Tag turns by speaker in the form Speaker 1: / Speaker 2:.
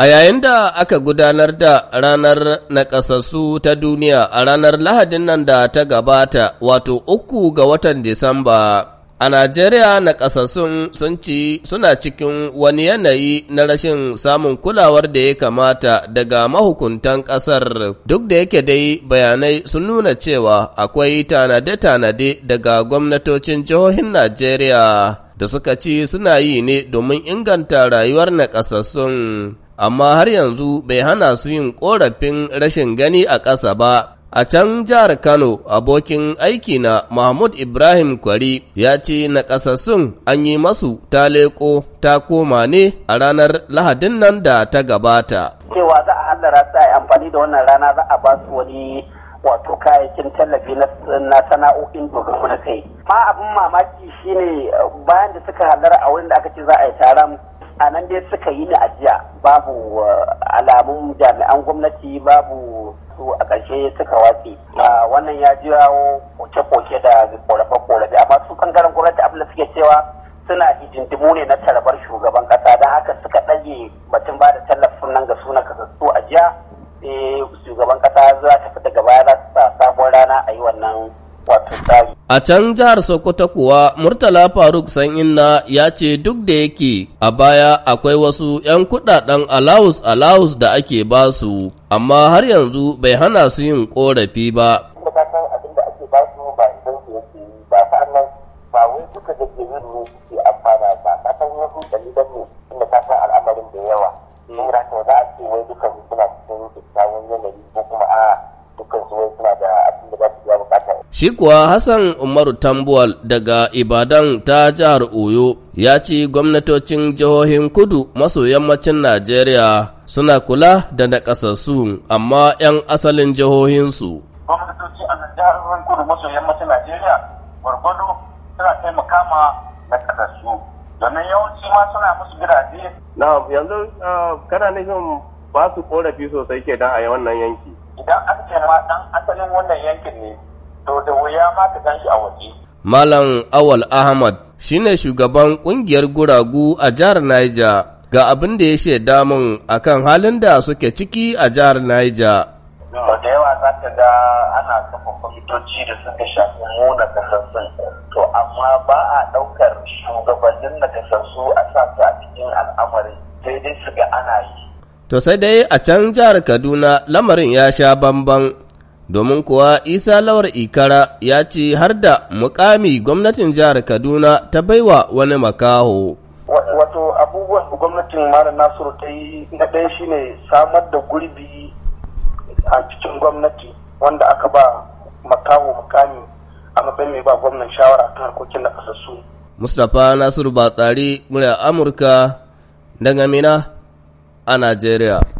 Speaker 1: A yayin da aka gudanar da ranar naƙasassu ta duniya a ranar Lahadin nan da ta gabata, wato uku ga watan Disamba, a Najeriya nakasassun sun ci suna cikin wani yanayi na rashin samun kulawar da ya kamata daga mahukuntan ƙasar duk da yake dai bayanai sun nuna cewa akwai tanade-tanade daga gwamnatocin jihohin Najeriya da suka ci suna yi ne domin inganta rayuwar nakasassun. amma har yanzu bai hana su yin ƙorafin rashin gani a ƙasa ba. A can jihar Kano, abokin aiki na Mahmud Ibrahim Kwari ya ce na ƙasa sun an yi masu ta leƙo ta koma ne a ranar Lahadin nan da ta gabata.
Speaker 2: Cewa za a hallara ta amfani da wannan rana za a ba su wani wato kayayyakin tallafi na sana'o'in dogaro na kai. Ma abin mamaki shine bayan da suka hallara a wurin da aka ce za a yi taron a nan dai suka yi ajiya babu uh, alamun jami'an gwamnati babu su a ƙarshe suka watse uh, wannan ya jawo koke-koke da korafe-korafe amma su ɓangaren gwamnati abin da suke cewa suna hidindimu ne na tarabar shugaba
Speaker 1: A can jihar Sokoto kuwa Murtala Faruk Saninna ya ce duk da yake a baya akwai wasu ‘yan kudaden alawus alawus da ake ba su, amma har yanzu bai hana su yin korafi ba.
Speaker 2: Suna da abin da
Speaker 1: Shi kuwa Hassan Umaru Tambuwal daga Ibadan ta jihar Oyo ya ci gwamnatocin jihohin kudu maso yammacin Najeriya suna kula da nakasassu amma 'yan asalin jihohinsu.
Speaker 2: Gwamnatoci a jihohin kudu maso yammacin Najeriya gwargwado suna taimaka ma nakasassu domin yawanci ma suna musu gidaje.
Speaker 1: Na yanzu ah, kana
Speaker 2: nufin ba su korafi sosai ke dan a wannan yanki. Idan an ce ma dan asalin wannan yankin ne
Speaker 1: Malam Awal Ahmad shi ne shugaban kungiyar guragu a jihar Niger ga abin da ya shaida mun akan halin da suke ciki a jihar Niger. Sau da yawa
Speaker 2: za ka ga ana kafa kwamitoci da suka shafi mu na kasassun to amma ba a ɗaukar shugabannin na kasassu a sa a cikin al'amari sai dai su ga ana yi.
Speaker 1: To sai dai a can jihar Kaduna lamarin ya sha bambam. domin kuwa isa lawar ikara ya ce har da mukami gwamnatin jihar kaduna ta baiwa wani makaho
Speaker 2: wato abubuwan gwamnatin mara nasiru ta yi na ɗaya shine samar da gurbi a cikin gwamnati wanda aka ba makaho mukami a matsayin mai ba gwamnan shawara kan harkokin da kasassu
Speaker 1: mustapha nasiru batsari murya amurka daga mina a najeriya